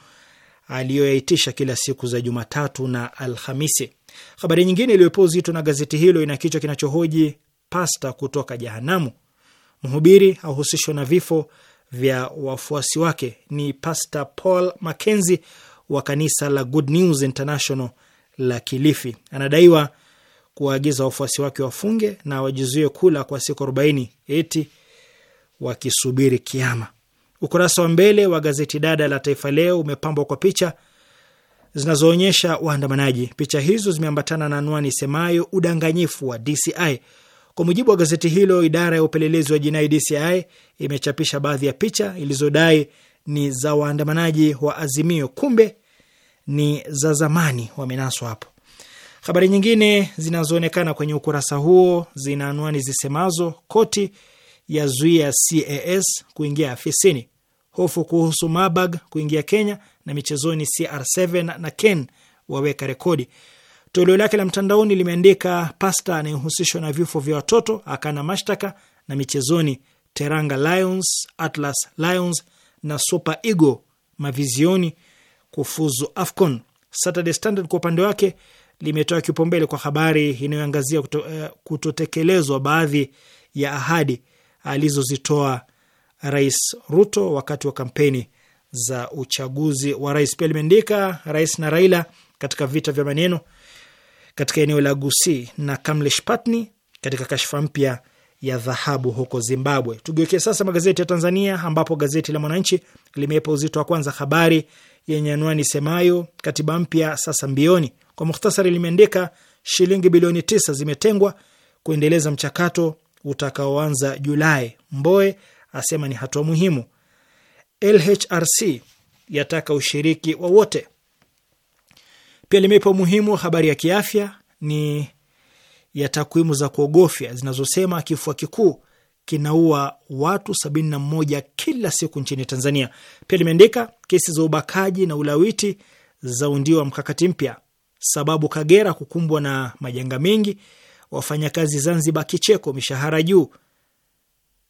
aliyoyaitisha kila siku za Jumatatu na Alhamisi. Habari nyingine iliyopewa uzito na gazeti hilo ina kichwa kinachohoji pasta kutoka jehanamu. Mhubiri ahusishwa na vifo vya wafuasi wake ni Pastor Paul makenzi wa kanisa la Good News International la Kilifi. Anadaiwa kuwaagiza wafuasi wake wafunge na wajizuie kula kwa siku arobaini eti wakisubiri kiama. Ukurasa wa mbele wa gazeti dada la Taifa Leo umepambwa kwa picha zinazoonyesha waandamanaji. Picha hizo zimeambatana na anwani isemayo udanganyifu wa DCI. Kwa mujibu wa gazeti hilo, idara ya upelelezi wa jinai DCI imechapisha baadhi ya picha ilizodai ni za waandamanaji wa Azimio, kumbe ni za zamani, wamenaswa hapo. Habari nyingine zinazoonekana kwenye ukurasa huo zina anwani zisemazo: koti ya zuia CAS kuingia afisini, hofu kuhusu mabag kuingia Kenya, na michezoni CR7 na Ken waweka rekodi. Toleo lake la mtandaoni limeandika pasta anayehusishwa na vifo vya watoto akana mashtaka, na michezoni Teranga Lions, Atlas Lions na Super Eagle mavizioni kufuzu AFCON. Saturday Standard kwa upande wake limetoa kipaumbele kwa habari inayoangazia kuto, uh, kutotekelezwa baadhi ya ahadi alizozitoa Rais Ruto wakati wa kampeni za uchaguzi wa rais. Pia limeandika rais na Raila katika vita vya maneno katika eneo la Gusii na Kamlesh Patni katika kashfa mpya ya dhahabu huko Zimbabwe. Tugeukie sasa magazeti ya Tanzania, ambapo gazeti la Mwananchi limeipa uzito wa kwanza habari yenye anwani semayo katiba mpya sasa mbioni. Kwa muhtasari, limeandika shilingi bilioni tisa zimetengwa kuendeleza mchakato utakaoanza Julai. Mboe asema ni hatua muhimu. LHRC yataka ushiriki wa pia limeipa umuhimu habari ya kiafya ni ya takwimu za kuogofya zinazosema kifua kikuu kinaua watu sabini na moja kila siku nchini Tanzania. Pia limeandika kesi za ubakaji na ulawiti za undio wa mkakati mpya, sababu Kagera kukumbwa na majanga mengi, wafanyakazi Zanzibar kicheko, mishahara juu,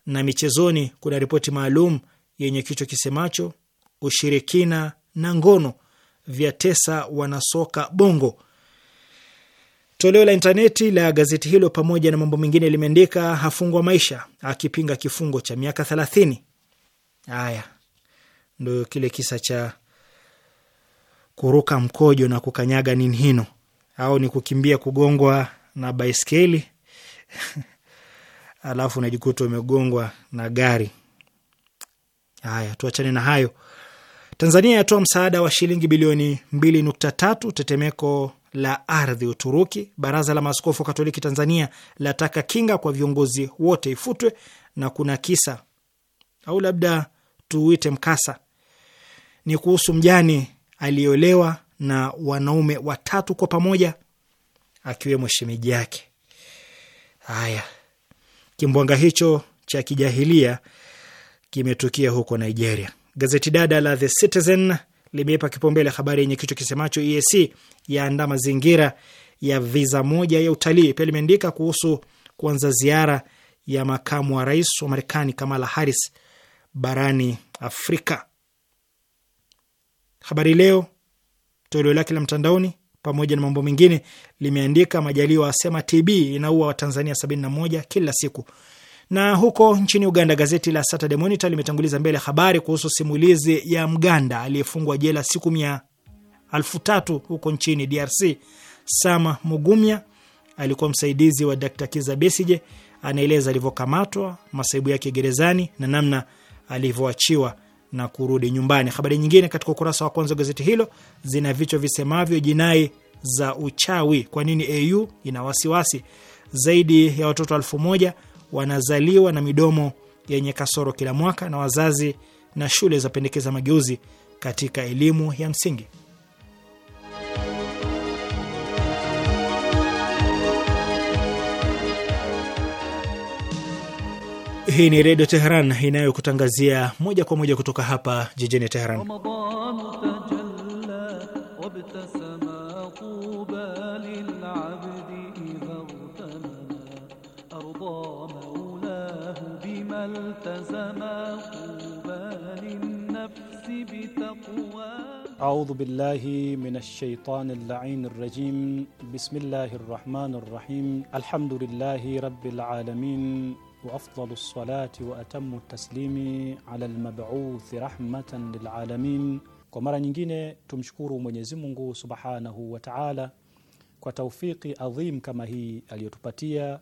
na michezoni kuna ripoti maalum yenye kichwa kisemacho ushirikina na ngono vya tesa wanasoka bongo. Toleo la intaneti la gazeti hilo pamoja na mambo mengine limeandika hafungwa maisha akipinga kifungo cha miaka thelathini. Haya ndo kile kisa cha kuruka mkojo na kukanyaga nini hino, au ni kukimbia kugongwa na baiskeli alafu najikuta umegongwa na gari. Haya, tuachane na hayo. Tanzania yatoa msaada wa shilingi bilioni 2.3 tetemeko la ardhi Uturuki. Baraza la Maaskofu Katoliki Tanzania lataka kinga kwa viongozi wote ifutwe, na kuna kisa au labda tuuite mkasa, ni kuhusu mjane aliyeolewa na wanaume watatu kwa pamoja, akiwemo shemeji yake. Haya, kimbwanga hicho cha kijahilia kimetukia huko Nigeria. Gazeti dada la The Citizen limeipa kipaumbele habari yenye kichwa kisemacho EAC yaandaa mazingira ya viza moja ya utalii. Pia limeandika kuhusu kuanza ziara ya makamu wa rais wa Marekani Kamala Harris barani Afrika. Habari Leo toleo lake la mtandaoni, pamoja na mambo mengine, limeandika Majaliwa asema TB inaua Watanzania moja kila siku. Na huko nchini Uganda, gazeti la Saturday Monitor limetanguliza mbele habari kuhusu simulizi ya Mganda aliyefungwa jela siku mia elfu tatu huko nchini DRC. Sama Mugumya alikuwa msaidizi wa Dr. Kiza Besije, anaeleza alivyokamatwa, masaibu yake gerezani na namna alivyoachiwa na kurudi nyumbani. Habari nyingine katika ukurasa wa kwanza wa gazeti hilo zina vichwa visemavyo: jinai za uchawi, kwa nini AU ina wasiwasi, zaidi ya watoto elfu moja wanazaliwa na midomo yenye kasoro kila mwaka, na wazazi na shule zapendekeza mageuzi katika elimu ya msingi. Hii ni Redio Teheran inayokutangazia moja kwa moja kutoka hapa jijini Teheran. فيما التزما طوبى بتقوى أعوذ بالله من الشيطان اللعين الرجيم بسم الله الرحمن الرحيم الحمد لله رب العالمين وأفضل الصلاة وأتم التسليم على المبعوث رحمة للعالمين kwa mara nyingine tumshukuru mwenyezi mungu subhanahu wa taala kwa taufiki adhim kama hii aliyotupatia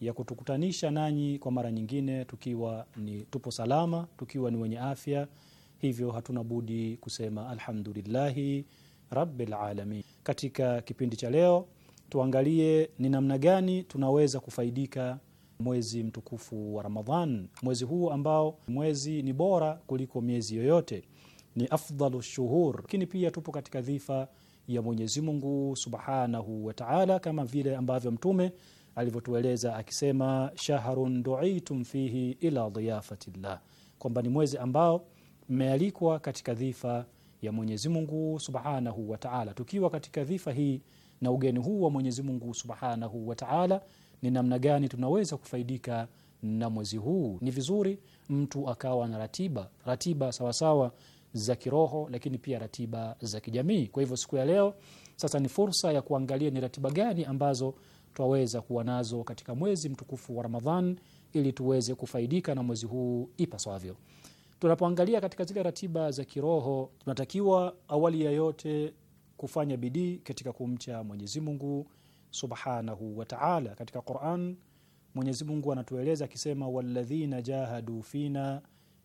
ya kutukutanisha nanyi kwa mara nyingine tukiwa ni tupo salama, tukiwa ni wenye afya. Hivyo hatuna budi kusema alhamdulillahi rabbil alamin. Katika kipindi cha leo tuangalie ni namna gani tunaweza kufaidika mwezi mtukufu wa Ramadhan, mwezi huu ambao mwezi ni bora kuliko miezi yoyote, ni afdalu shuhur. Lakini pia tupo katika dhifa ya Mwenyezi Mungu Subhanahu wa Ta'ala, kama vile ambavyo Mtume alivyotueleza akisema shahrun duitum fihi ila llah, kwamba ni mwezi ambao mmealikwa katika dhifa ya Mwenyezi Mungu Subhanahu wa Ta'ala. Tukiwa katika dhifa hii na ugeni huu wa Mwenyezi Mungu Subhanahu wa Ta'ala, ni namna gani tunaweza kufaidika na mwezi huu? Ni vizuri mtu akawa na ratiba ratiba sawasawa za kiroho, lakini pia ratiba za kijamii. Kwa hivyo siku ya leo sasa ni fursa ya kuangalia ni ratiba gani ambazo twaweza kuwa nazo katika mwezi mtukufu wa Ramadhan ili tuweze kufaidika na mwezi huu ipaswavyo. Tunapoangalia katika zile ratiba za kiroho, tunatakiwa awali ya yote kufanya bidii katika kumcha Mwenyezi Mungu subhanahu wa taala. Katika Quran Mwenyezi Mungu anatueleza akisema, walladhina jahadu fina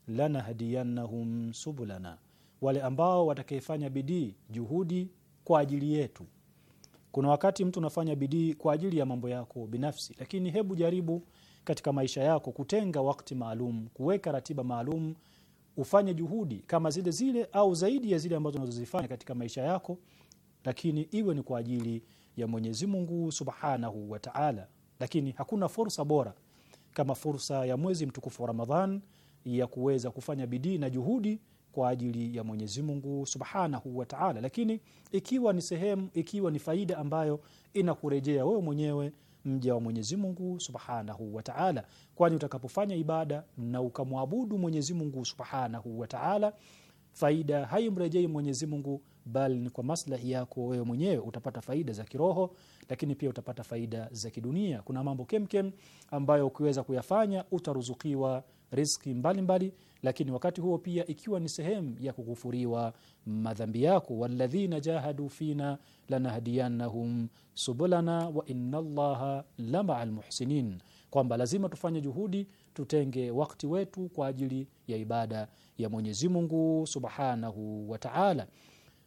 lanahdiyannahum subulana, wale ambao watakayefanya bidii juhudi kwa ajili yetu kuna wakati mtu unafanya bidii kwa ajili ya mambo yako binafsi, lakini hebu jaribu katika maisha yako kutenga wakati maalum, kuweka ratiba maalum, ufanye juhudi kama zile zile au zaidi ya zile ambazo unazozifanya katika maisha yako, lakini iwe ni kwa ajili ya Mwenyezi Mungu Subhanahu wa Ta'ala. Lakini hakuna fursa bora kama fursa ya mwezi mtukufu wa Ramadhan ya kuweza kufanya bidii na juhudi kwa ajili ya Mwenyezi Mungu Subhanahu wa Ta'ala, lakini ikiwa ni sehemu, ikiwa ni faida ambayo inakurejea wewe mwenyewe mja wa Mwenyezi Mungu Subhanahu wa Ta'ala, kwani utakapofanya ibada na ukamwabudu Mwenyezi Mungu Subhanahu wa Ta'ala, faida haimrejei Mwenyezi Mungu bali ni kwa maslahi yako wewe mwenyewe. Utapata faida za kiroho, lakini pia utapata faida za kidunia. Kuna mambo kemkem ambayo ukiweza kuyafanya utaruzukiwa riski mbalimbali mbali, lakini wakati huo pia ikiwa ni sehemu ya kughufuriwa madhambi yako, walladhina jahadu fina lanahdiyannahum subulana wa inna llaha lamaa lmuhsinin, kwamba lazima tufanye juhudi, tutenge wakti wetu kwa ajili ya ibada ya Mwenyezi Mungu subhanahu wa taala.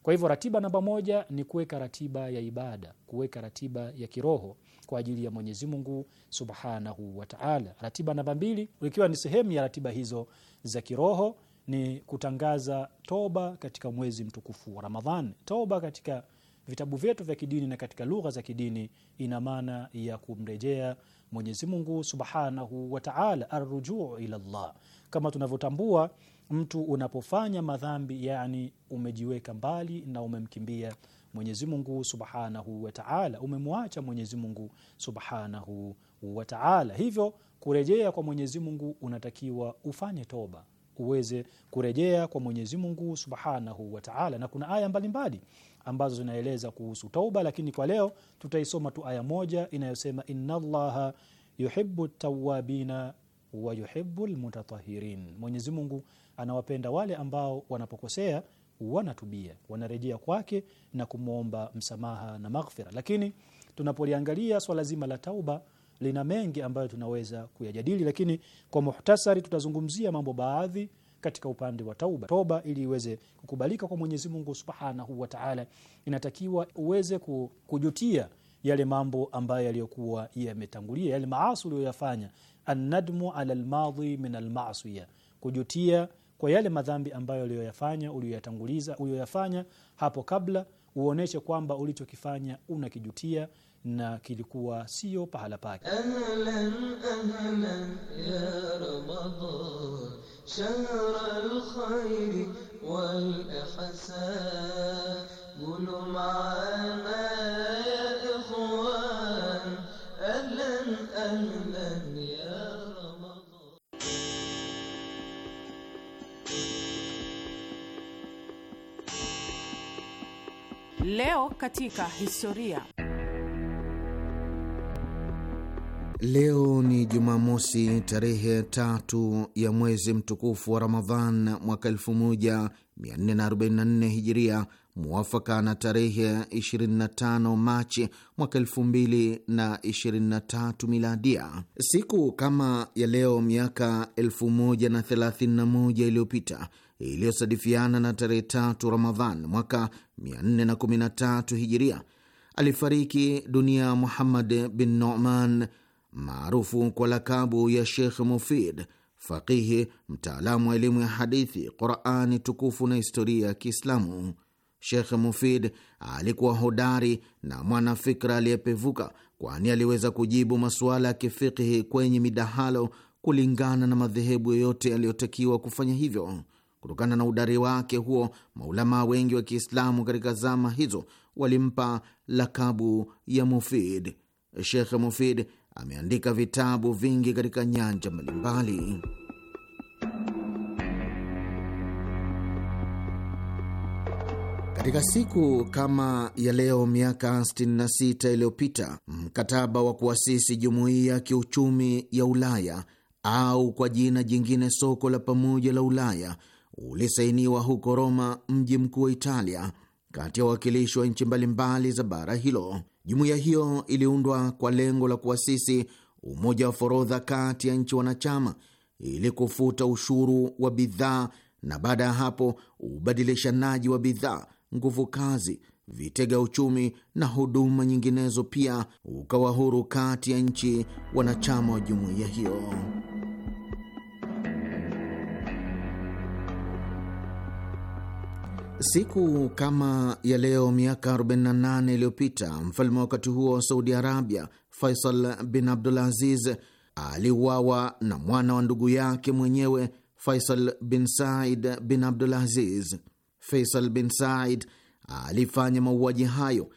Kwa hivyo ratiba namba moja ni kuweka ratiba ya ibada, kuweka ratiba ya kiroho kwa ajili ya Mwenyezi Mungu Subhanahu wataala Ratiba namba mbili, ikiwa ni sehemu ya ratiba hizo za kiroho ni kutangaza toba katika mwezi mtukufu wa Ramadhan. Toba katika vitabu vyetu vya kidini na katika lugha za kidini ina maana ya kumrejea Mwenyezi Mungu Subhanahu wataala arrujuu ila Allah. Kama tunavyotambua mtu unapofanya madhambi, yani umejiweka mbali na umemkimbia Mwenyezi Mungu Subhanahu wa Ta'ala, umemwacha Mwenyezi Mungu Subhanahu wa Ta'ala. Hivyo kurejea kwa Mwenyezi Mungu unatakiwa ufanye toba, uweze kurejea kwa Mwenyezi Mungu Subhanahu wa Ta'ala, na kuna aya mbalimbali ambazo zinaeleza kuhusu tauba, lakini kwa leo tutaisoma tu aya moja inayosema inna llaha yuhibbu tawabina wa yuhibbu lmutatahirin, Mwenyezi Mungu anawapenda wale ambao wanapokosea wanatubia, wanarejea kwake na kumwomba msamaha na maghfira. Lakini tunapoliangalia swala zima la tauba lina mengi ambayo tunaweza kuyajadili, lakini kwa muhtasari tutazungumzia mambo baadhi katika upande wa tauba. Toba ili iweze kukubalika kwa Mwenyezi Mungu Subhanahu wa Ta'ala, inatakiwa uweze kujutia yale mambo ambayo yaliyokuwa yametangulia, yale maasi uliyoyafanya. Annadmu ala lmadhi min almasiya, kujutia kwa yale madhambi ambayo uliyoyafanya uliyoyatanguliza uliyoyafanya hapo kabla, uoneshe kwamba ulichokifanya unakijutia na kilikuwa sio pahala pake. Leo katika historia. Leo ni Jumamosi, tarehe tatu ya mwezi mtukufu wa Ramadhan mwaka 1444 Hijiria, mwafaka na tarehe 25 Machi mwaka 2023 Miladia. Siku kama ya leo miaka 1031 iliyopita iliyosadifiana na tarehe tatu Ramadhan mwaka 413 Hijiria, alifariki dunia Muhammad bin Noman maarufu kwa lakabu ya Shekh Mufid, faqihi mtaalamu wa elimu ya hadithi, Qurani tukufu na historia ya Kiislamu. Shekh Mufid alikuwa hodari na mwanafikra aliyepevuka, kwani aliweza kujibu masuala ya kifikhi kwenye midahalo kulingana na madhehebu yoyote yaliyotakiwa kufanya hivyo. Kutokana na udari wake huo, maulamaa wengi wa Kiislamu katika zama hizo walimpa lakabu ya Mufid. Shekh Mufid ameandika vitabu vingi katika nyanja mbalimbali. Katika siku kama ya leo miaka 66 iliyopita mkataba wa kuasisi jumuiya ya kiuchumi ya Ulaya au kwa jina jingine soko la pamoja la Ulaya ulisainiwa huko Roma, mji mkuu wa Italia, kati ya wawakilishi wa nchi mbalimbali za bara hilo. Jumuiya hiyo iliundwa kwa lengo la kuasisi umoja wa forodha kati ya nchi wanachama ili kufuta ushuru wa bidhaa na baada ya hapo ubadilishanaji wa bidhaa, nguvu kazi, vitega uchumi na huduma nyinginezo pia ukawa huru kati ya nchi wanachama wa jumuiya hiyo. Siku kama ya leo miaka 48 iliyopita mfalme wa wakati huo wa Saudi Arabia, Faisal bin Aziz aliuawa na mwana wa ndugu yake mwenyewe Faisal bin Said bin Aziz. Faisal bin Said alifanya mauaji hayo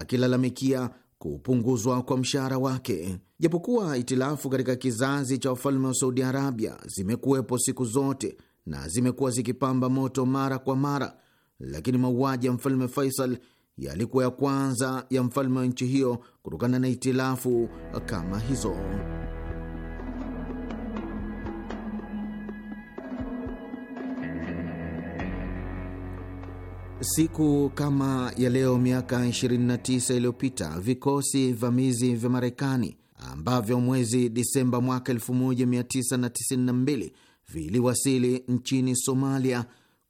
akilalamikia kupunguzwa kwa mshahara wake. Japokuwa itilafu katika kizazi cha wafalme wa Saudi Arabia zimekuwepo siku zote na zimekuwa zikipamba moto mara kwa mara lakini mauaji ya mfalme Faisal yalikuwa ya kwanza ya mfalme wa nchi hiyo kutokana na itilafu kama hizo. Siku kama ya leo miaka 29 iliyopita vikosi vamizi vya Marekani ambavyo mwezi Disemba mwaka 1992 viliwasili nchini Somalia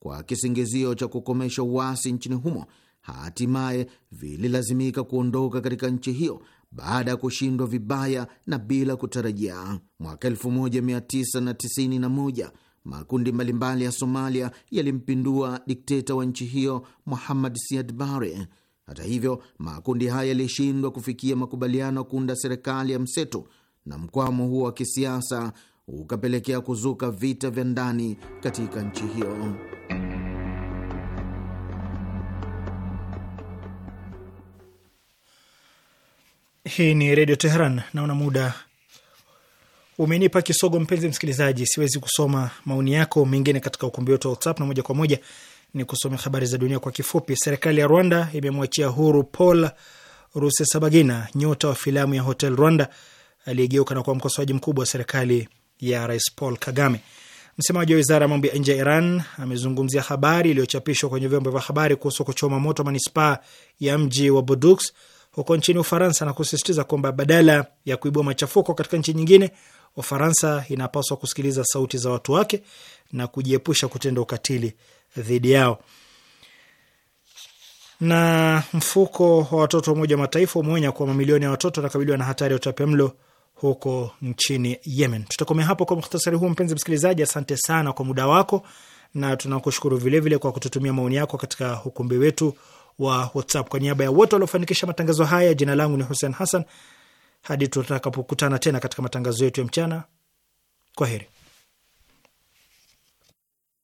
kwa kisingizio cha kukomesha uasi nchini humo, hatimaye vililazimika kuondoka katika nchi hiyo baada ya kushindwa vibaya na bila kutarajia. Mwaka 1991 makundi mbalimbali ya Somalia yalimpindua dikteta wa nchi hiyo Muhammad Siad Barre. Hata hivyo, makundi haya yalishindwa kufikia makubaliano ya kuunda serikali ya mseto na mkwamo huo wa kisiasa ukapelekea kuzuka vita vya ndani katika nchi hiyo. Hii ni Redio Teheran. Naona muda umenipa kisogo, mpenzi msikilizaji, siwezi kusoma maoni yako mengine katika ukumbi wetu wa WhatsApp na moja kwa moja ni kusomea habari za dunia kwa kifupi. Serikali ya Rwanda imemwachia huru Paul Rusesabagina, nyota wa filamu ya Hotel Rwanda aliyegeuka na kuwa mkosoaji mkubwa wa serikali ya Rais Paul Kagame. Msemaji wa wizara ya mambo ya nje ya Iran amezungumzia habari iliyochapishwa kwenye vyombo vya habari kuhusu kuchoma moto manispaa ya mji wa Bordeaux huko nchini Ufaransa na kusisitiza kwamba badala ya kuibua machafuko katika nchi nyingine, Ufaransa inapaswa kusikiliza sauti za watu wake na kujiepusha kutenda ukatili dhidi yao. Na mfuko wa watoto wa Umoja wa Mataifa umeonya kuwa mamilioni ya watoto wanakabiliwa na hatari ya utapiamlo huko nchini Yemen. Tutakomea hapo kwa muhtasari huu. Mpenzi msikilizaji, asante sana kwa muda wako na tunakushukuru vilevile kwa kututumia maoni yako katika ukumbi wetu wa WhatsApp. Kwa niaba ya wote waliofanikisha matangazo haya, jina langu ni Hussein Hassan. Hadi tutakapokutana tena katika matangazo yetu ya mchana, kwa heri